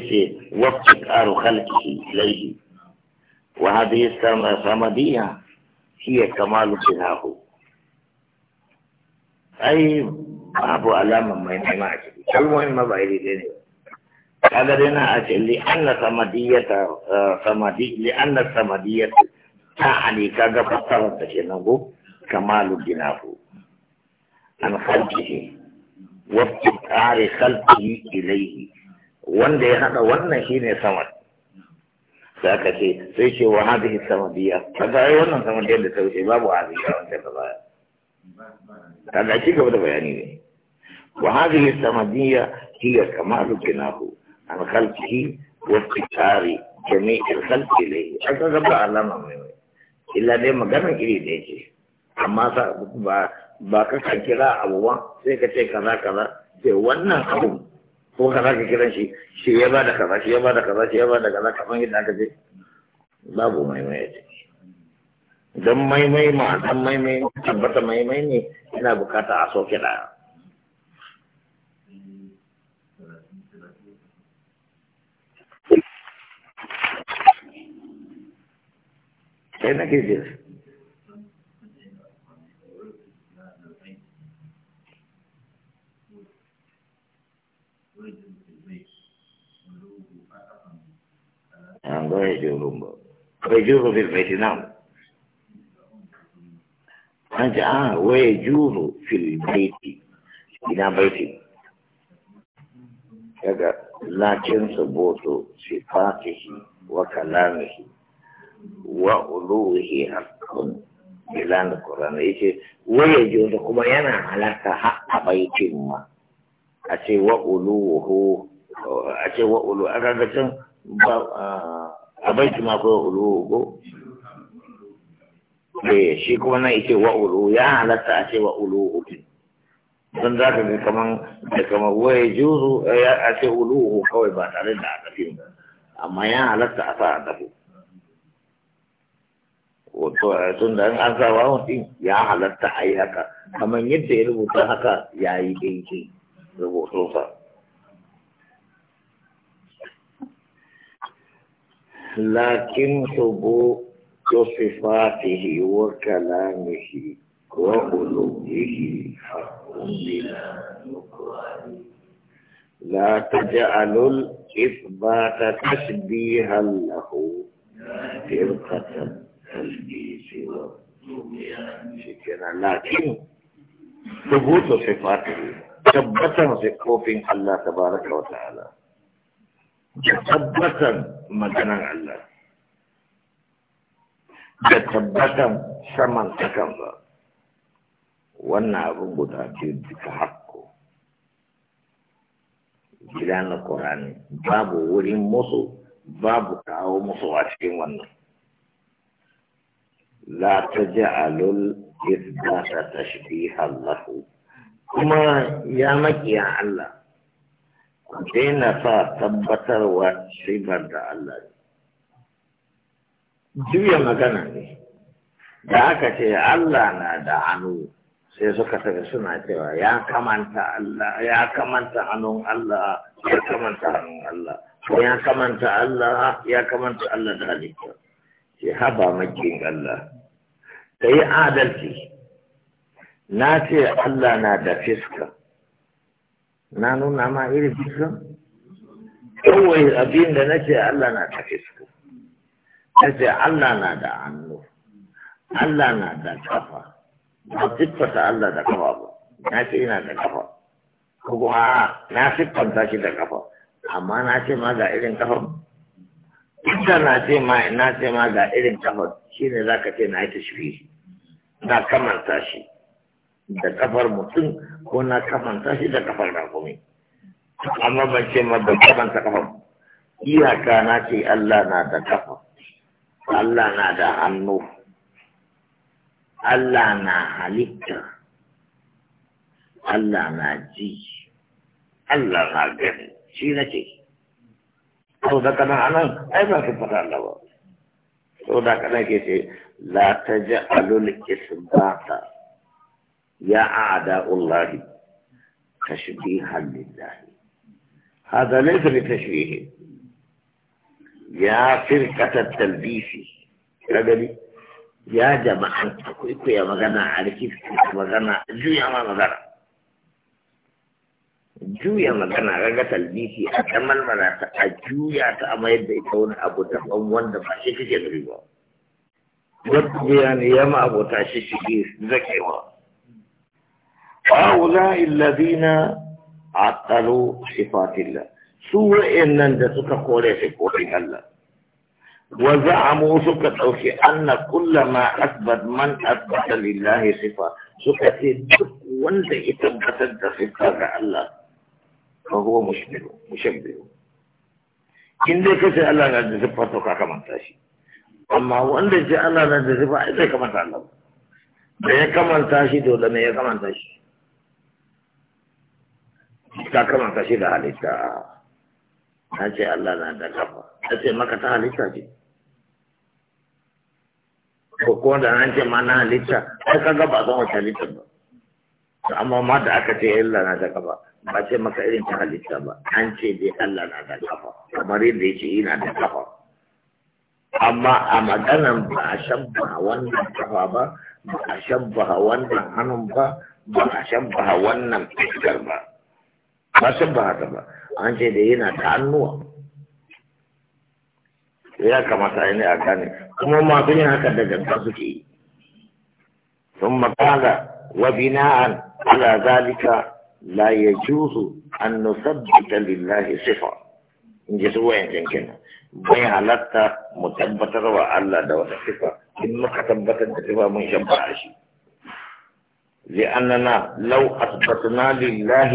في وقت إثار خلقه إليه وهذه الصمدية هي كمال كذاه أي أبو ألام ما ينعم المهم ما بعيد ديني هذا دينا أجل لأن الصمدية صمدي لأن الصمدية تعني كذا فقط تشنه كمال كذاه عن خلقه وابتكار خلقه إليه wanda ya haɗa wannan shine sama za ka ce sai ce wa hadihi samadiya kaga ai wannan sama da ta wuce babu hadihi a wancan da baya ga ci gaba da bayani ne wa hadihi samadiya hiya kamalu kinahu an khalqihi wa fitari jami'in khalqi ilayhi An ka ba alama mai illa dai maganin iri da yake amma ba ka kira abubuwa sai ka ce kaza kaza sai wannan abu ko ka za ka kiran shi shi ya bada kaza shi ya bada kaza shi ya bada kaza kaman yadda aka ce babu maimai ce don maimai ma dan maimai tabbata maimai ne yana bukata a soke da sai na ke jira an zo ya jurun ba bai juru fil baitinam an ce a waye juru fil baiti ina baiti daga lakin saboto sifatihi wa kalamihi wa uluhi hakkun bilan Qur'an yace waye juru kuma yana halarta har a ma a ce wa uluhu a ce wa ulu a a baiti ma kawai ulu go eh shi kuma na ice wa ulu ya halatta a ce wa ulu uku don za ka ga kaman da kaman wai juzu eh, a ce ulu kawai ba tare da a tafi ba amma ya halatta a sa a tafi tun da an sa wa ya halatta a yi haka kaman yadda ya rubuta haka ya yi daidai rubutunsa lakin sobo sosifatihi wa kalamihi wa ulumihi haqqun bila nukwari. La taja'alul isbata tashbihan lahu firqatan talbisi wa Shikira lakin sobo sosifatihi. Tabbatan sikofin Allah tabaraka wa ta'ala. da tabbatan maganar Allah da tabbatan saman sakan ba wannan abin guda ce duka hakko gida na ƙorani babu wurin musu babu kawo musu a cikin wannan la ta ja'alul isbata tashbihan lahu kuma ya maƙiya Allah ku daina sa tabbatarwa sigar da Allah ne. Juya magana ne, da aka ce Allah na da hannu sai suka tafi suna cewa ya kamanta Allah, ya kamanta hannun Allah, ya kamanta hannun Allah, ya kamanta Allah, ya kamanta Allah da halitta. Sai haba makin Allah, ta yi adalci. Na ce Allah na da fiska. na nuna ma irin fiska kawai abin da nace Allah na ta Na nace Allah na da hannu Allah na da kafa ba siffata Allah da kafa ba na ce ina da kafa kogo a na siffanta shi da kafa amma na ce ma ga irin kafa ita na ce ma na ce ma ga irin kafa shine zaka ce na yi tashbihi na kamanta shi da kafar mutum ko na kafanta shi da kafar rakumi amma ban ce ma ban kafanta kafar iyaka na ce Allah na da kafa Allah na da hannu Allah na halitta Allah na ji Allah na gani shi na ce sau da kanan anan ai ba su fata Allah ba sau da kanan ke ce la ta ji alul isbata يا أعداء الله تشبيها لله هذا ليس بتشبيه يا فرقة التلبيس رجلي يا جماعة أكويكو يا مغانا عاركيف مغنى جو يا مغنى جو يا مغنى رجا تلبيس أكمل مراتا أجو يا تأمير بيتون أبو تفهم وان دفع شكي جدري وان يعني يا ما أبو تاشي شكي ذكي وان هؤلاء الذين عطلوا صفات الله سوء إن دسك قولي في قولي الله وزعموا سكت أو أن كل ما أثبت من أثبت لله صفة سكت وانت إثبتت صفة الله فهو مشبه مشبه إن دي الله نجد صفاتك كما تاشي أما وان دي الله نجد صفاتك كما تعلم ما يكمل تاشي دولا ما يكمل تاشي ka kamanta shi da halitta na ce Allah na da kafa na ce maka ta halitta ce ko ko da na ce ma na halitta ai ka ga ba san wata halitta ba amma ma da aka ce Allah na da kafa ba ce maka irin ta halitta ba an ce dai Allah na da kafa kamar yadda yake ina da kafa amma a maganan ba a shabba wannan kafa ba ba a shabba wannan hannun ba ba a shabba wannan fiskar ba ba san ba haka ba an ce da yana da ثم قال وبناء على ذلك لا يجوز أن نثبت لله صفة جسوا يمكن بين علتا مثبتة الله دوا صفة إن كتبت صفة من شبه عشي لأننا لو أثبتنا لله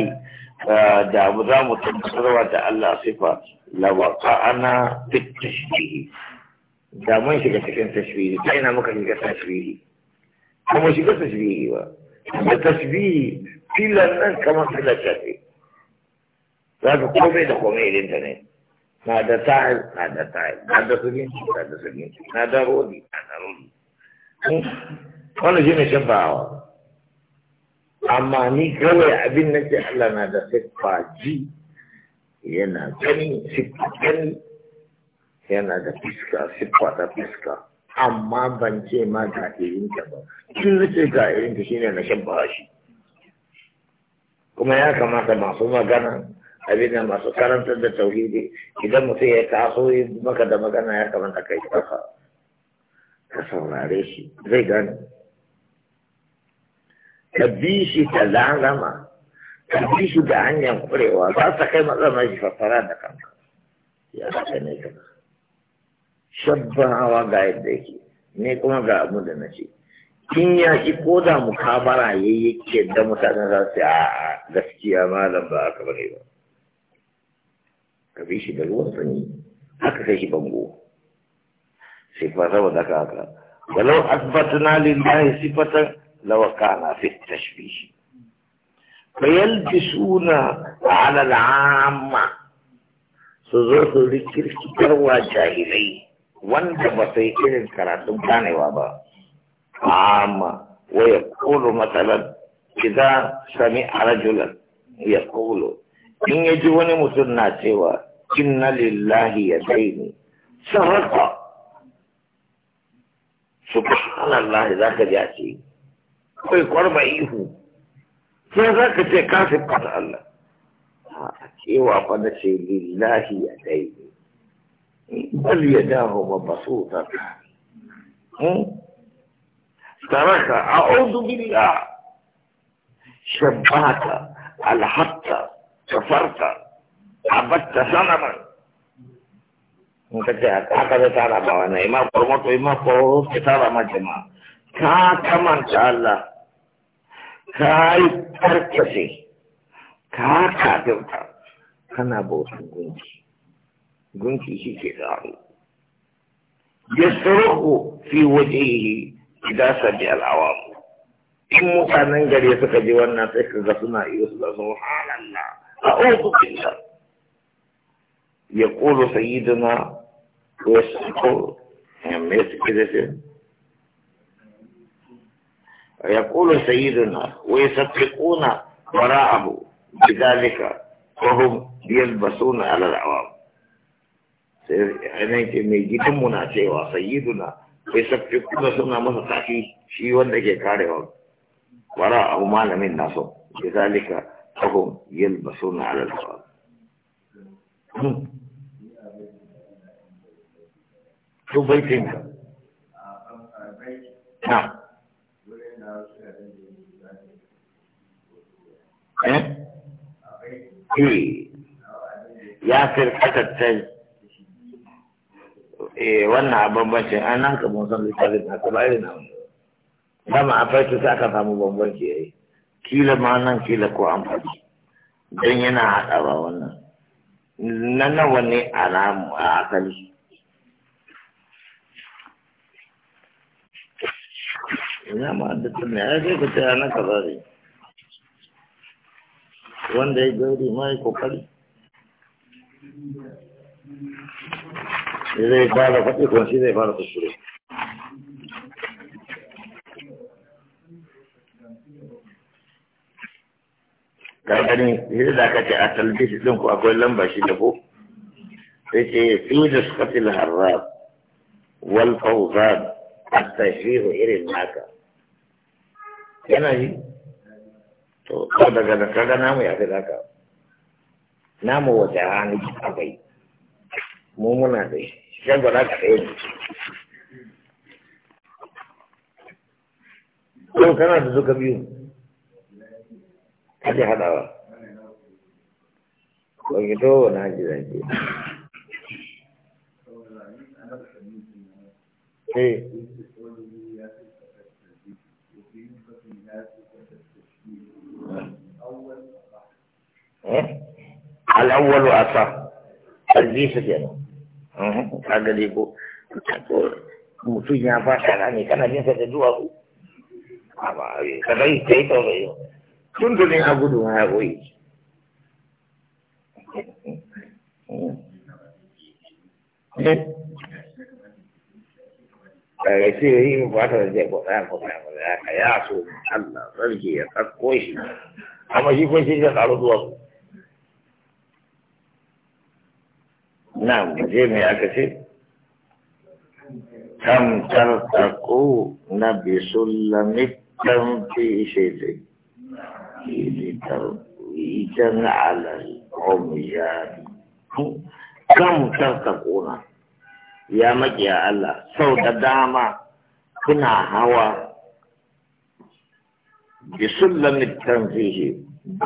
Eh, da za mu tabbatarwa da Allah sifa lawaka ana fit tashbihi da mun shiga cikin tashbihi ta ina muka shiga tashbihi ba mu shiga tashbihi ba da tashbihi filan nan kamar filan shafi za ka komai da komai irin ta ne na da tahir na da tahir na da sulinci na da sulinci na da rodi na da rodi hmm. wannan shi ne shan ba'awa amma ni kawai abin na ce Allah na da siffa ji yana gani siffa gani yana da fiska siffa da fiska amma ban ce ma ga ta ba shi ce ga ta shine na shan shi kuma ya kamata masu magana abin da masu karanta da tauhidi idan mutum ya taso maka da magana ya kamata kai kasa ka saurare shi zai gane ka bi shi ta lalama ka bi shi da hanyar kurewa ba sa kai matsalar shi fassara da kanka ya haka ne ka shabbawa ga yadda yake ne kuma ga abu da na ce Kin ya ki ko da mukabara ya yi yake da mutane za su a gaskiya malam ba aka bane ba ka bi shi da ruwan sanyi haka sai shi bango sai fara wa daga haka walau asbatna lillahi sifatan law kana fi التشبيه فيلبسون على العامة سزرت ذكر كتروا جاهلي وانت بطيئر الكراتب كان وابا عامة ويقول مثلا إذا سمع رجلا يقول إن يجوني مثلنا سوى إن لله يدين سرق سبحان الله ذاك جاتي kawai kwarba ihu sai za ka ce kafin kwata Allah a cewa fa na ce lillahi ya dai bal ya dahu ma basu ta ترك أعوذ بالله شبهت ألحقت كفرت عبدت صنما هكذا تعالى ما وانا إما قرمت وإما قرمت تعالى ما جمع كما تعالى ka yi karkace ka kafirta kana bautan gunki gunki shi ke tsaro ya suruku fi wajehi idan sabi mu. in mutanen gari suka ji wannan sai ka ga suna iya su zo halalla a kinsa ya qulu sayyidina wa yasqu ya mai suke يقول سيدنا ويصدقون وراءه بذلك وهم يلبسون على العوام أنا يمكن يعني منا مناسي وسيدنا ويصدقون سنة مستحكي شيء وندك يكاره وراءه ما لم الناس بذلك وهم يلبسون على العوام شو بيتك نعم eh ya firkata ta eh wannan abin bambancin an nan ka mun san littafin na kuma irin nan dama a farko sai aka samu bambanci yayi eh. kila ma nan kila ko an faɗi don yana haɗawa wannan nan nan wani alamu a asali ina ma da tunani ya ce ku tana ka ne wanda ya gauri ma ya kokari zai fara faɗi kuma shi zai fara kuskure kakani sai da aka ce a talbisi ɗin ku akwai lamba shi da ko sai ce fi da suka fi laharra wal fawzan a tashiru irin naka yana yi to ko daga da namu ya fi zaka namu wace hannu akwai mu muna da shi kan gwada ka ne ko kana da duka biyu kaje haɗawa ko ki to na ji eh Eh? al'awwalu asa aljisu kenan ka gade ko mutum ya fasa rami kana jinsa da duwatsu ka yi ta yi taurayi tun tunin a gudu ya goyi daga ce yi mu fata da zai kwaɗa kwaɗa kwaɗa ya so Allah sarki ya tsakko shi amma shi kun shi ya tsaro duwatsu na je me aka ce kam tartaku na bisullamit tamfi shaitai litarwitan alal omiyari kam tartakuna ya makiya Allah sau da dama kuna hawa bisullamin tamfihi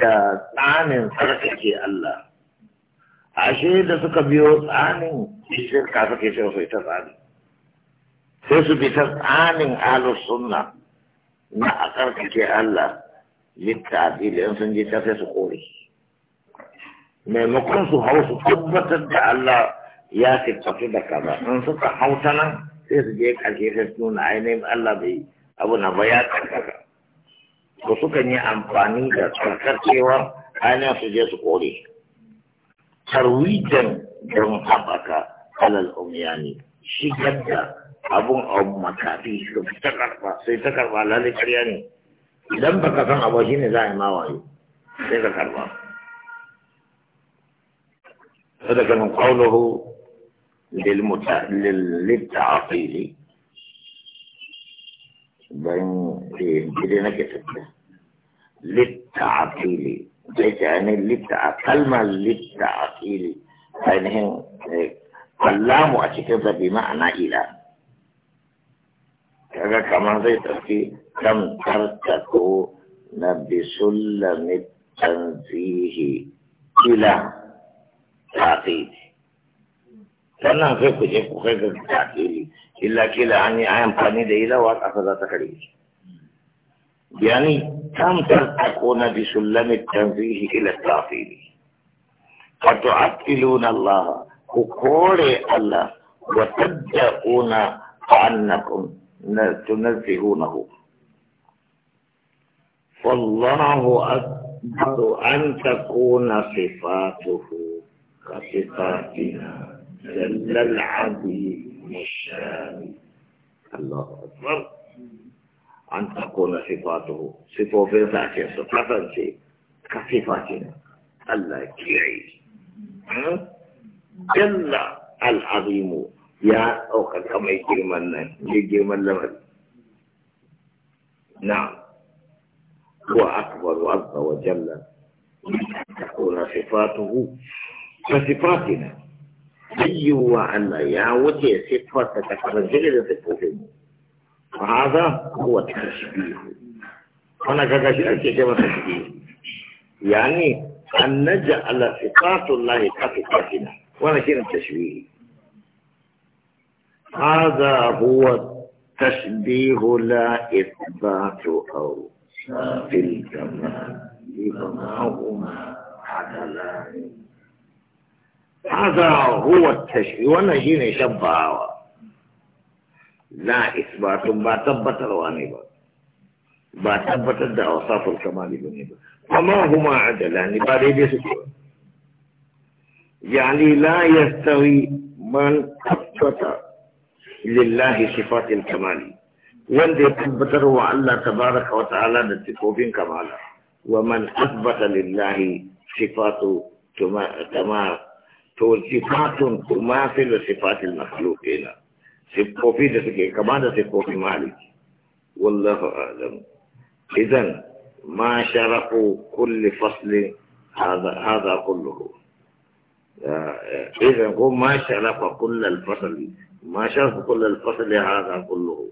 da tsanin tsarkake Allah ashe da suka biyo tsanin shirka suke sai ta tsani sai su bi ta tsanin ahlus sunna na a tsarkake Allah littafi da sun je ta sai su kore maimakon su hau su tabbatar da Allah ya siffatu da kaza in suka hau ta nan sai su je ƙarshe sai su nuna ainihin Allah bai abu na ba ya karkaka ko sukan yi amfani da karkacewa ainihin su je su kore tarwijan don haɓaka alal umyani shigar da abun abu makafi su ta karɓa sai ta karɓa lalle ƙarya ne idan baka san abu shine za a yi mawaye sai ka karɓa sadaka min qawluhu lil muta'allil bayan eh, da nake tafiya للتعطيل da yani litta a kalmar litta a fili ainihin eh, kallamu a cikin zabi ma'ana ila kaga kamar zai tafi kan tartako na bisullami tanzihi ila tafi sannan sai ku je ku kai ga tafi illa kila an yi amfani da ila wa ƙasa za ta karye يعني كم تلتقون بسلم التنزيه إلى التعطيل فتعطلون الله وقول الله وتبدأون عنكم تنزهونه فالله أكبر أن تكون صفاته كصفاتنا جل العبيد الشامي الله أكبر أن تكون صفاته صفوفين في صفاتا شيء كصفاتنا الله كيعي جل العظيم يا أوكا كما يجرمنا يجرمنا لمن نعم هو أكبر عز وجل تكون صفاته كصفاتنا أيوة أن يا وجه صفاتك فرجل صفوفين هذا هو التشبيه هنا كذا كده التشبيه يعني أن نجعل صفات الله كصفاتنا وانا كده التشبيه هذا هو التشبيه لا إثبات أو في الكمال لما هما عدلان هذا هو التشبيه وانا شيء شبهه لا إثبات با تبت رواني با با تبت دا وصاف الكمالي بني با فما هما عدلان با دي يعني لا يستوي من تبت لله صفات الكمالي والذي دي تبت روا تبارك وتعالى نتكوبين كمالا ومن اثبت لله صفات كمال تماثل صفات المخلوقين siffofi da suke كمان da في مالك والله أعلم اذا ما sharafu كل فصل هذا هذا كله إذا هو ما شرف كل الفصل ما شرف كل الفصل هذا كله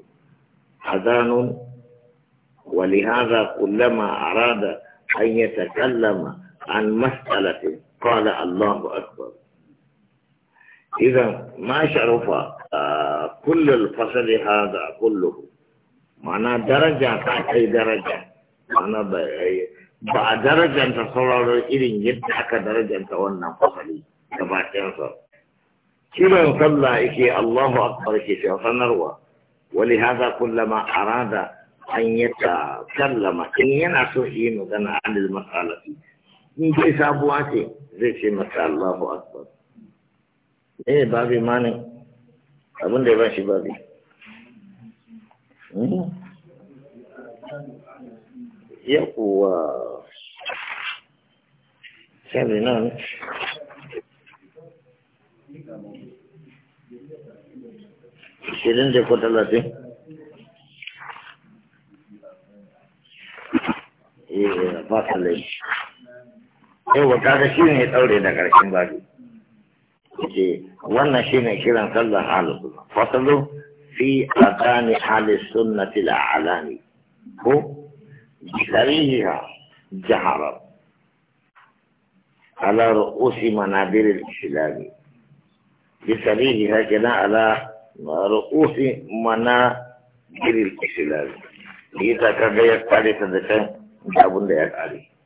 أذان ولهذا كلما أراد أن يتكلم عن مسألة قال الله أكبر إذا ما شرف kullul fasali hada kulluhu mana daraja ta kai daraja ba a darajanta sauraron irin yadda aka darajanta wannan fasali da ɗayansa kiran sallah yake Allahu akbar ke sanarwa wali hada kullama arada an yata kallama in yana so yi magana anil masalati in dai sabuwa ce zai ce Allahu abin da ya ba shi ba zai hmm? yakuwa sai nan shirin da ko talatin ya eh, ba salai yau wata da shirin ya daure da karshen baki إيه؟ وانا شينا كده نصلح على فصله في أداني حال السنة الأعلاني هو بسريها جهرا على رؤوس منابر الإسلام بسريها هكذا على رؤوس منابر الإسلام إذا كان يقتل تدخل جابون ليك عليه